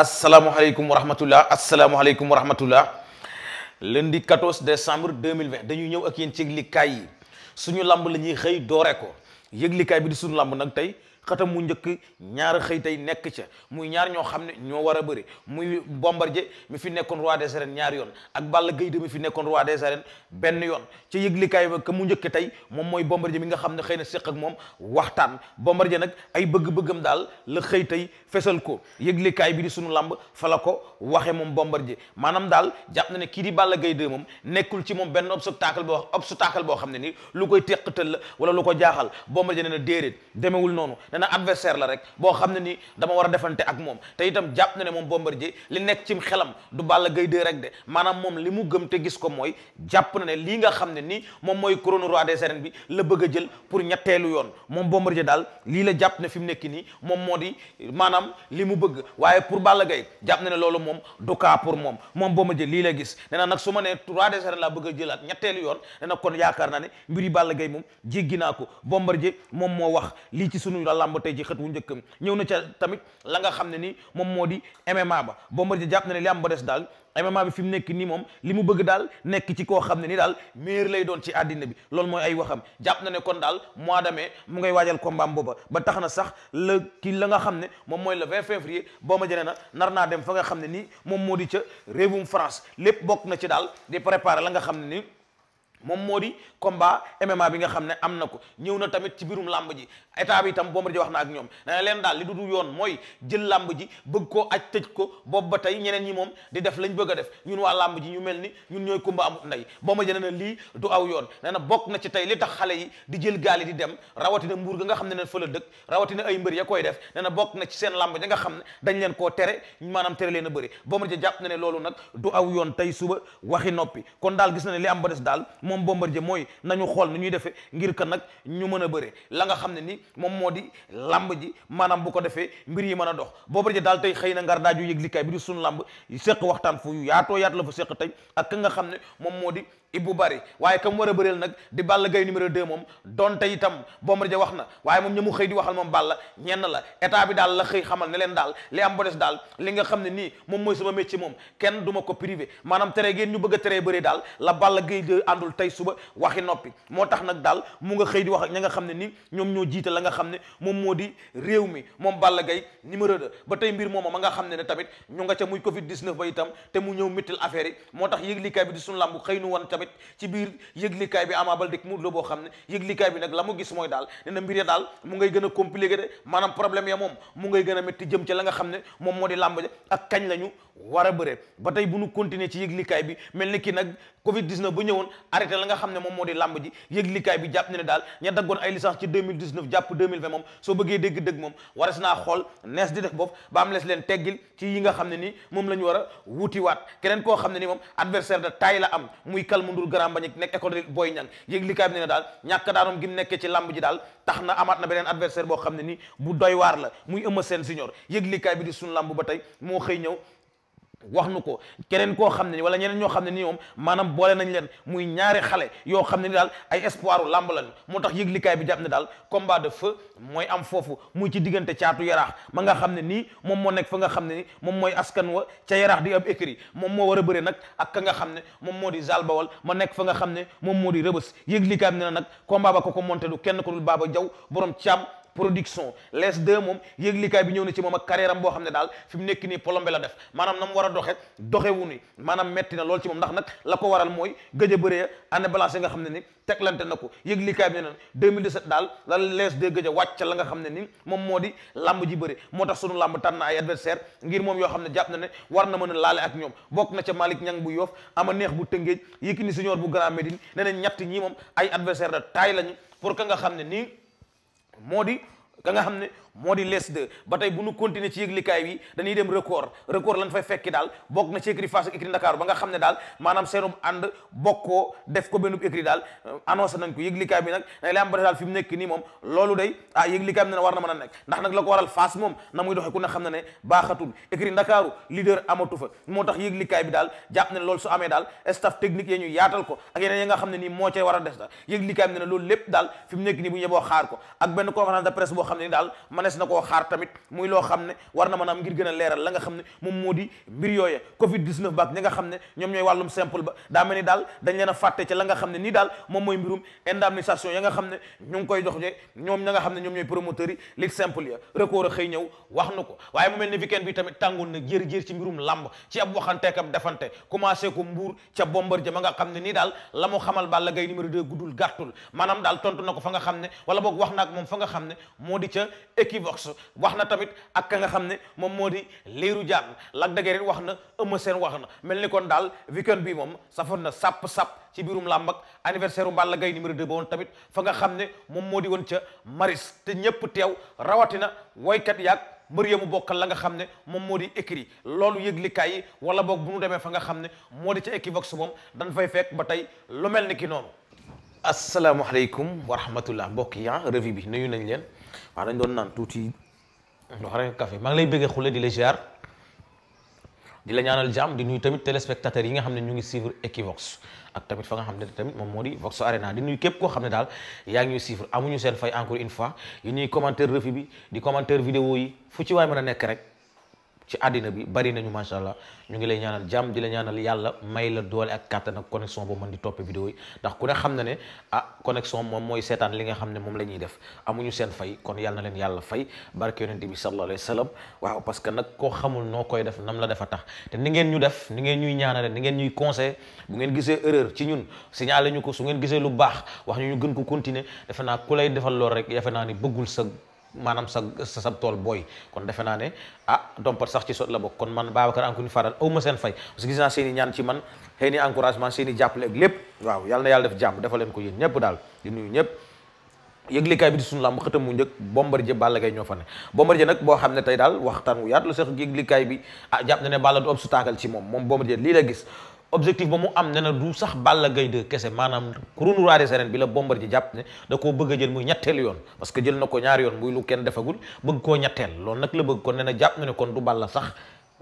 asalaamaaleykum wa rahmatullah asalaamaaleykum wa rahmatullah lundi 14 décembre 2020 dañuy ñëw ak yéen ci yëglikaay yi suñu lamb la ñuy xëy doore ko yëglikaay bi di suñu lamb nag tey xatam mu njëkk ñaar xëy tey nekk ca muy ñaar ñoo xam ne ñoo war a bëri muy Bombardier mu fi nekkoon roi des arènes ñaar yoon ak Balla Gaye 2 mi fi nekkoon roi des arènes benn yoon ca yëglikaay ba ka mu njëkk tey moom mooy Bombardier mi nga xam ne xëy na séq ak moom waxtaan bombar Bombardier nag ay bëgg-bëggam daal la xëy tey fesal ko yëglikaay bi di suñu lamb fa la ko waxe moom bombar Bombardier maanaam daal jàpp na ne kii di Balla Gaye 2 moom nekkul ci moom benn obstacle boo obstacle boo xam ne ni lu koy teqatal la wala lu ko jaaxal Bombardier ne na déedéet demewul noonu ne na adversaire la rek boo xam ne ni dama war a defante ak moom te itam jàpp na ne moom Bombardier li nekk cim xelam du Balla gay 2 rek de maanaam moom li mu gëm te gis ko mooy jàpp na ne lii nga xam ne nii moom mooy couronne roi des arènes bi la bëgg a jël pour ñetteelu yoon moom bombar Bombardier daal lii la jàpp ne fi mu nekk nii moom moo di maanaam li mu bëgg waaye pour Balla gay jàpp na ne loolu moom du cas pour moom moom Bombardier lii la gis nee nag su ma nee roi des laa bëgg jëlaat ñetteelu yoon na kon yaakaar naa ne mbiri Balla Gaye moom jéggi naa ko Bombardier moom moo wax lii ci sunu làmb tey ci xët wu njëkk ñëw na ca tamit la nga xam ne ni moom moo di MMA ba Bombardier jàpp na ne li am ba des daal MMA bi fi mu nekk nii moom li mu bëgg daal nekk ci koo xam ne ni daal bi loolu mooy ay waxam jàpp na ne kon daal mois de mai mu ngay waajal combat booba ba tax na sax la ki la nga xam ne moom mooy le 20 février Bombardier nee na nar naa dem fa nga xam ne nii moom moo di ca réewum France lépp bokk na ci daal di préparer la nga xam ne ni moom moo di combat MMA bi nga xam ne am na ko ñëw na tamit ci biirum làmb ji état bi itam Bombardier wax na ak ñoom nee leen daal li du du yoon mooy jël làmb ji bëgg ko aj tëj ko boobu ba tey ñeneen ñi moom di def lañ bëgg a def ñun waa làmb ji ñu mel ni ñun ñooy kumba amut ndey Bombardier nee na lii du aw yoon nee na bokk na ci tey li tax xale yi di jël gaal yi di dem rawatina mbuur ga nga xam ne neen fa la dëkk rawatina ay mbër ya koy def nee na bokk na ci seen làmb ji nga xam ne dañ leen koo tere maanaam tere leen a bëri Bombardier jàpp na ne loolu nag du aw yoon tey suba waxi noppi kon daal gis na li am ba des daal moom Bombardier mooy nañu xool ni ñuy defee ngir que nag ñu mën a bëre la nga xam ne ni moom moo di lamb ji maanaam bu ko defee mbir yi mën a dox Bombardier daal tey xëy na ngar daaju yëglikaay bi di suñu lamb seq waxtaan fu yaatoo yaat la fa seq tey ak ka nga xam ne moom moo di Ibou Bari waaye kam war a bëreel nag di Balla Gaye numéro 2 moom donte itam Bombardier wax na waaye moom ña mu xëy di waxal moom Balla ñenn la état bi daal la xëy xamal ne leen daal li am ba daal li nga xam ne nii moom mooy sama métier moom kenn du ma ko privé maanaam tere ngeen ñu bëgg a tere bëri daal la Balla Gaye de àndul tey suba waxi noppi moo tax nag daal mu nga xëy di wax ak ña nga xam ne nii ñoom ñoo jiite la nga xam ne moom moo di réew mi moom Balla Gaye numéro 2 ba tey mbir mooma ma nga xam ne ne tamit ñu nga ca muy covid ba itam te mu ñëw mittil affaire moo tax yëglikaay bi di sunu làmb xëy nu woon tamit tamit ci biir yëglikaay bi Ama Baldé ak Modou Lo boo xam ne yëglikaay bi nag la mu gis mooy daal ne na mbir ya daal mu ngay gën a compliqué problème ya moom mu ngay gën a métti jëm ci la nga xam ne moom moo di làmb ja ak a bëre ba tey bu ñu la nga xam ne moom moo di làmb ji keneen koo xam ne nii moom adversaire de taille la am muy kalmu Ndour Grand Mbagnick nekk école de Boy Niang yéeg li kaay bi ne daal ñàkk daanum gi mu nekkee ci lamb ji daal tax na amaat na beneen adversaire boo xam ne ni bu doy waar la muy Eumeu Sène Junior yéeg li kaay bi di suñu lamb ba tey moo xëy ñëw wax nu ko keneen koo xam ne ni wala ñeneen ñoo xam ne nii moom maanaam boole nañ leen muy ñaari xale yoo xam ne ni daal ay espoiru làmb lañ moo tax yëglikaay bi jàpp ne daal combat de feu mooy am foofu muy ci diggante caatu yaraax ma nga xam ne nii moom moo nekk fa nga xam ne ni askan wa ca yaraax di ab écrit moom moo war a bëre nag ak ka nga xam ne moom moo di zal bawal ma nekk fa nga xam ne moom moo di rëbës yëglikaay bi nag combat ba ko ko monté du kenn ko dul baaba jaw borom caam production les deux moom yëglikaay bi ñëw na ci moom ak carrière am boo xam ne daal fi mu nekk nii polombé la def maanaam na mu war a doxe doxewu ni maanaam metti na lool ci moom ndax nag la ko waral mooy gëj a bëree année xam ne ni teglante na ko yëglikaay bi ne na 2017 daal la les deux gëj nga xam ne ni moom moo di lamb ji bëri moo tax lamb tànn na ay adversaire ngir yoo xam ne jàpp na ne war a laale ak ñoom bokk na ca Malick Niang bu Yoff ama neex bu Tëngéej Yékini Senior bu Grand Médine ne na ñett moom ay adversaire de taille lañu pour que nga xam ne nii moo di ka nga xam ne moo di less 2 ba tey bu nu continuer ci yëglikaay bi dañuy dem record record lañ fay fekki daal bokk na ci écurie Fass ak écurie Ndakaaru ba nga xam ne daal maanaam seenum ànd bokkoo def ko benn écurie daal euh, annoncé nañ ko yëglikaay nekk nii moom loolu day ah na a nekk ndax nag la ko Fass na muy doxee ku ne xam ne ne baaxatul écurie Ndakaaru leader amatu fa moo tax yëglikaay bi ne loolu su amee daal staff technique a des da yëglikaay nekk nii bu ñu yeboo xaar ko boo xam ne ni daal manees na koo xaar tamit muy loo xam ne war na mën a am ngir gën a leeral la nga xam ne moom moo di mbir yooye covid 19 baak ñi nga xam ne ñoom ñooy wàllum simple ba daa ni daal dañ leen a fàtte ci la nga xam ne nii daal moom mooy mbirum a xëy na na jër-jër ci mbirum lamb ci ab waxanteek ma nga xam ne nii daal la mu xamal Balla Gaye numéro 2 guddul gàttul maanaam daal tontu na ko fa nga xam ne wala boog wax na moom fa nga xam ne moo di ca Equivox wax na tamit ak ka nga xam ne moom moo di liiru jaan Lac de Guiers wax na Eumeu Sène wax na mel ni kon daal weekend bii moom safoon na sàpp-sàpp ci biirum làmb ak anniversaire u Balla Gaye numéro 2 ba woon tamit fa nga xam ne moom moo di woon ca Maris te ñépp teew rawatina woykat yaag mbër ya mu la nga xam ne moom moo di écrit loolu yëglikaay yi wala boog bu ñu demee fa nga xam ne moo di ca Equivox moom dañ fay fekk ba tey lu mel ni ki noonu asalaamaaleykum wa rahmatullah mbokk yi ah, revue bi nuyu nañ leen waaw dañ doon naan tuuti. ndox rek café maa ngi lay bëggee xule di la ziar di la ñaanal jàmm di nuyu tamit téléspectateurs yi nga xam ne ñu ngi suivre Equivox ak tamit fa nga xam ne tamit moom moo di Vox Arena di nuyu képp koo xam ne daal yaa ngi ñuy suivre amuñu seen fay encore une fois yi ñuy commentaire refi bi di commentaire vidéo yi fu ci waay mën a nekk rek. ci àddina bi bari nañu macha allah ñu ngi lay ñaanal jàmm di la ñaanal yàlla may la doole ak kàttan ak connexion boo mën di topp vidéo yi ndax ku ne xam na ne ah mooy seetaan li nga xam ne moom la ñuy def amuñu seen fay kon yàlla na leen yàlla fay barke yonente bi sallallahu alayhi wa waaw parce que nag koo xamul noo koy def nam la defa tax te ni ngeen ñu def ni ngeen ñuy ñaanale ni ngeen ñuy conseil bu ngeen gisee erreur ci ñun signalé ñu ko su ngeen gisee lu baax wax ñu ñu gën ko continuer defe naa ku lay defal lool rek defe naa ni bëggul sa maanaam sa sa sab tool booy kon defe naa ne ah dompat sax ci sot la bokk kon man Babacar encore une fois daal ma seen fay parce que gis naa seen i ñaan i encouragement seen i jàppale ak lépp waaw yàlla na yàlla def jàmm defal leen ko yéen ñëpp daal di nuyu ñëpp yëglikaay bi di sunu lamb xëtam mu njëkk Bombardier Balla Gaye ñoo fa ne Bombardier boo xam ne tey daal waxtaan wu yaatu la sax yëglikaay bi ah jàpp na ne Balla du obstacle ci moom moom Bombardier lii la gis objectif ba mu am ne na du sax Balla gay 2 kese maanaam couronne roi des arènes bi la bombar ji jàpp ne da koo bëgg jël muy ñetteel yoon parce que jël na ko ñaar yoon muy lu kenn defagul bëgg koo ñetteel loolu nag la bëgg kon ne jàpp na ne kon du Balla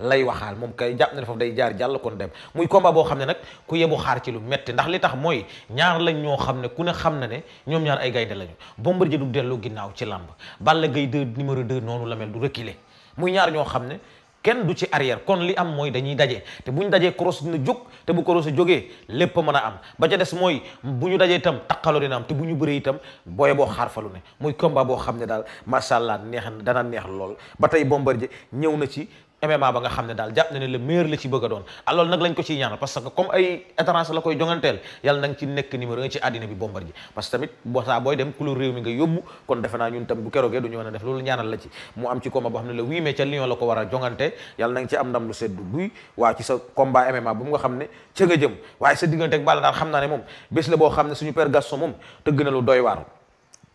lay waxaal moom kay jàpp na ne foofu day jaar jàll kon dem muy combat boo xam ne nag ku yebu xaar ci lu metti ndax li tax mooy ñaar lañ ñoo xam ne ku ne xam na ne ñoom ñaar ay gaynde lañu Bombardier du dellu ginnaaw ci làmb Balla gay 2 numéro 2 noonu la mel du reculer muy ñaar ñoo xam ne kenn du ci arrière kon li am mooy dañuy daje te bu ñu dajee cross dina jóg te bu cross jógee lépp mën a am ba ca des mooy bu ñu dajee itam taqaloo dina am te bu ñu bëree itam booye boo xaar falu ne muy combat boo xam ne daal macha allah neex na dana neex lool ba tey Bombardier ñëw na ci MMA ba nga xam ne daal jàpp na ne le meilleur la ci bëgg a doon ah loolu nag lañ ko ciy ñaanal parce que ay étranger la koy jonganteel yàlla na nga ci a def am a ndam lu seddu guy waaw ci sa combat MMA bu mu nga xam ne ca jëm waaye sa diggante ak Balla xam naa ne moom bés la boo xam ne suñu père Gaston moom tëgg na lu doy waar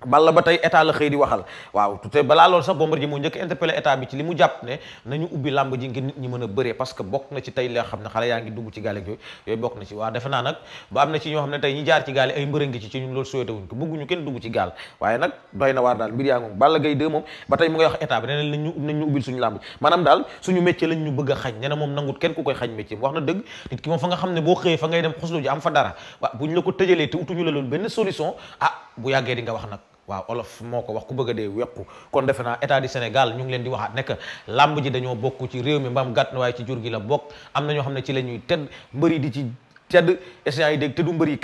Balla ba tey état la xëy di waxal waaw te balaa lool sax Bombardier moo njëkk interpellé état bi ci li mu jàpp ne nañu ubbi làmb ji ngir nit ñi mën a bëree parce que bokk na ci tey la xam ne xale yaa ngi dugg ci gaale yooyu yooyu bokk na ci waaw defe naa nag ba am na ci ñoo xam ne tey ñi jaar ci gaale ay mbërë ngi ci ci gaal waaye nag doy na waar daal mbir yaa ngoom Balla Gaye 2 moom ba ñu ubbil suñu làmb ji maanaam daal suñu métier lañ ñu bëgg a xañ ne moom nangut kenn ku koy xañ métier wax na dëgg nit ki moom fa nga xam ne boo xëyee fa ngay dem xoslu ji am fa dara waaw buñ la ko tëjalee te utuñu la ah, wax nag waaw olof moo ko wax ku bëgg a dee wequ kon defe naa état du Sénégal ñu leen di waxaat nekk làmb ji dañoo bokk ci réew mi mbaam gàtt na waaye ci jur gi la bokk am na ñoo xam ne ci la ñuy tedd mbëri di ci tedd essayant yi dégg teddu mbër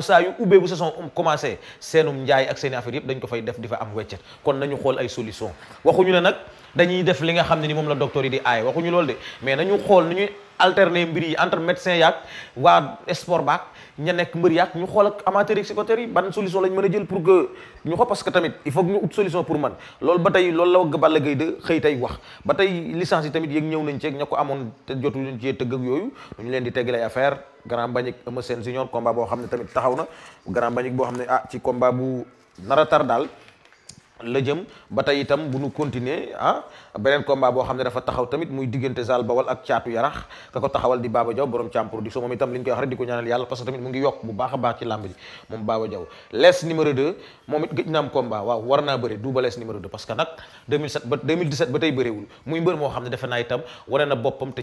saa yu ubbee bu saison um commencé seenum njaay ak seeni affaire yëpp dañ ko fay def di fa am weccet kon nañu xool ay solution waxuñu ne nag dañuy def li nga xam ne ni moom la docteur yi di aay waxuñu loolu de mais nañu xool ni alterner mbir yi entre médecin yaag waa sport baak ña nekk mbër yaag ñu xool ak amateur yi psychothérapeute yi ban solution lañ mën a jël pour que ñu ko parce que tamit il faut que ñu ut solution pour man loolu ba tey loolu la wagg Balla gay de xëy tey wax ba tey licence yi tamit yéeg ñëw nañ ceeg ña ko amoon te jotu ñu cee tëgg ak yooyu ñu leen di teggalee affaire grand bañik Eumeu Sène junior boo xam ne tamit taxaw na grand bañik boo xam ne ah ci combat bu nar a tar daal la jëm ba tey itam bu nu continuer ah beneen combat boo xam ne dafa taxaw tamit muy diggante Zal Bawal ak caatu yarax ka ko taxawal di Baba Diaw borom Thiam moom itam li koy wax di ko ñaanal yàlla parce tamit mu ngi yokk bu baax baax ci làmb ji moom Baba Diaw lees numéro 2 moom it gëj na am combat waaw war naa bëre duuba lees numéro 2 parce que nag 2007 ba 2017 ba tey bëreewul muy mbër moo xam ne defe naa itam wane na boppam te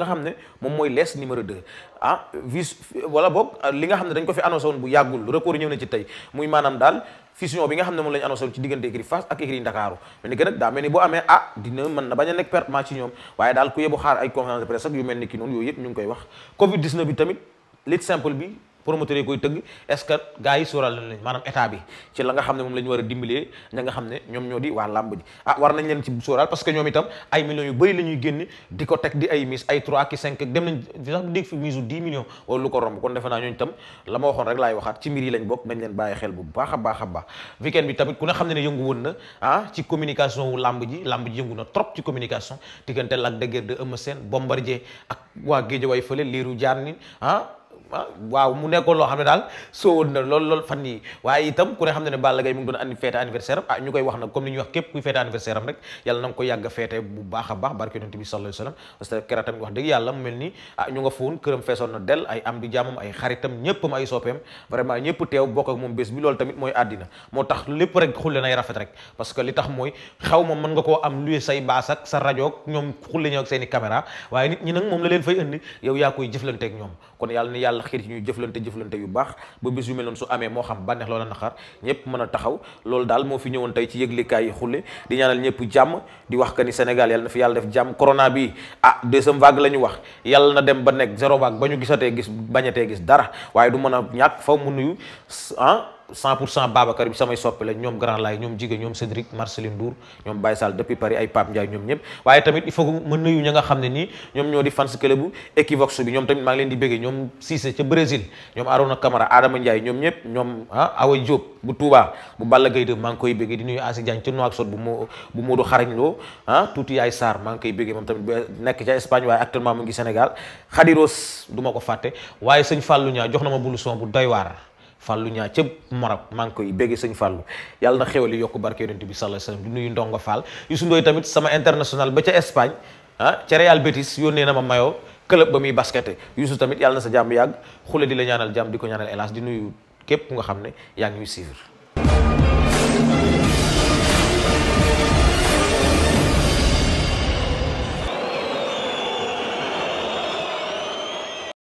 nga xam ne moom mooy lees numéro 2 ah vice wala boog li nga xam ne dañ ko fi annoncé woon bu yàggul record ñëw na ci tey muy maanaam daal fusion bi nga xam ne moom la ñu annoncé ci diggante écurie ak écurie Ndakaaru mais ni que daa mel ni boo amee ah dina mën na bañ a nekk pertement ci ñoom waaye daal ku yebu xaar ay conférence de presse ak yu mel ni ki noonu yooyu yëpp ñu ngi koy wax covid 19 bi tamit lit simple bi promoteurs yi koy tëgg est-ce que gars yi sóoraal nañ leen maanaam état bi ci la xam ne moom la war a dimbalee ña nga xam ne ñoom ñoo di waa làmb ji ah war nañ leen ci sóoraal parce que ñoom itam ay millions yu bëri la ñuy génne di ko teg di ay mise ay ma waxoon rek laay waxaat ci mbir yi lañ a baax a baax weekend bi tamit ku ne xam ne ne yëngu woon na ah ci làmb ji làmb ji yëngu na trop ci communication diggante Lac de Guiers de ak waa Guédiawaye fële liiru jaar ah ah waaw mu nekkoon loo xam ne daal soo woon na lool lool fan yi waaye itam ku ne xam ne ne Balla Gaye mu ngi doon andi fête anniversaire am ah ñu koy wax nag comme ni ñuy wax képp kuy fête anniversaire rek ko a a baax barke yonent bi sallallahu alayhi wasallam parce que ah, na moom bés bi li tax mooy xaw moom mën nga koo am luye say baas sa rajo ñoom xulle ñoo seeni caméra waaye nit ñi nag moom la leen fay indi yow yaa koy jëflanteeg ñoom kon yàlla ni yàlla yàlla xiir ci ñuy jëflante jëflante yu baax ba bis yu mel su amee moo xam bànneex loola naqar ñëpp mën a taxaw loolu daal moo fi ñëwoon tey ci yëglikaay yi xulle di ñaanal ñëpp jàmm di wax que ni Sénégal na fi yàlla def jàmm corona bi ah deuxième vague la ñu wax yàlla na dem ba nekk zéro vague ba ñu gisatee gis bañatee gis dara waaye du mën a ñàkk faw mu nuyu ah 100 pour cent Babacar bi samay soppe la ñoom Grand Laye ñoom Jiga ñoom Cédric Marceline Ndour ñoom Baye Sall depuis Paris ay Pape Ndiaye ñoom ñëpp waaye tamit il faut ma nuyu ña ñoo di fans club bu Equivox bi ñoom tamit maa ngi leen di béggee Adama Ndiaye ñoom ñëpp ñoom ah, Awa Diop bu Touba bu Balla Gaye de maa ngi koy béggee di nuyu Asi Diagne ca Nouakchott bu moo bu Modou Xarañ Lo ah, tuuti yaay Sarr maa ngi koy béggee moom tamit bu nekk ca Espagne waaye actuellement mu ngi Sénégal Khadiros du ko fàtte waaye sëñ Fallou jox na ma bulu son fàllu ñaa ca Maroc maa ngi koy béggee sëñ fàllu yàlla na xéwali yokku barke yonent bi sallallahu alayhi wasallam nuyu ndongo Fall Youssou Ndoye tamit sama international ba ca Espagne ah ca Real Betis yónnee na ma mayoo club ba muy baskette Youssou tamit yàlla na sa jàmm yàgg xule di la ñaanal jàmm di ko ñaanal hélas di nuyu képp nga xam ne yaa ngi ñuy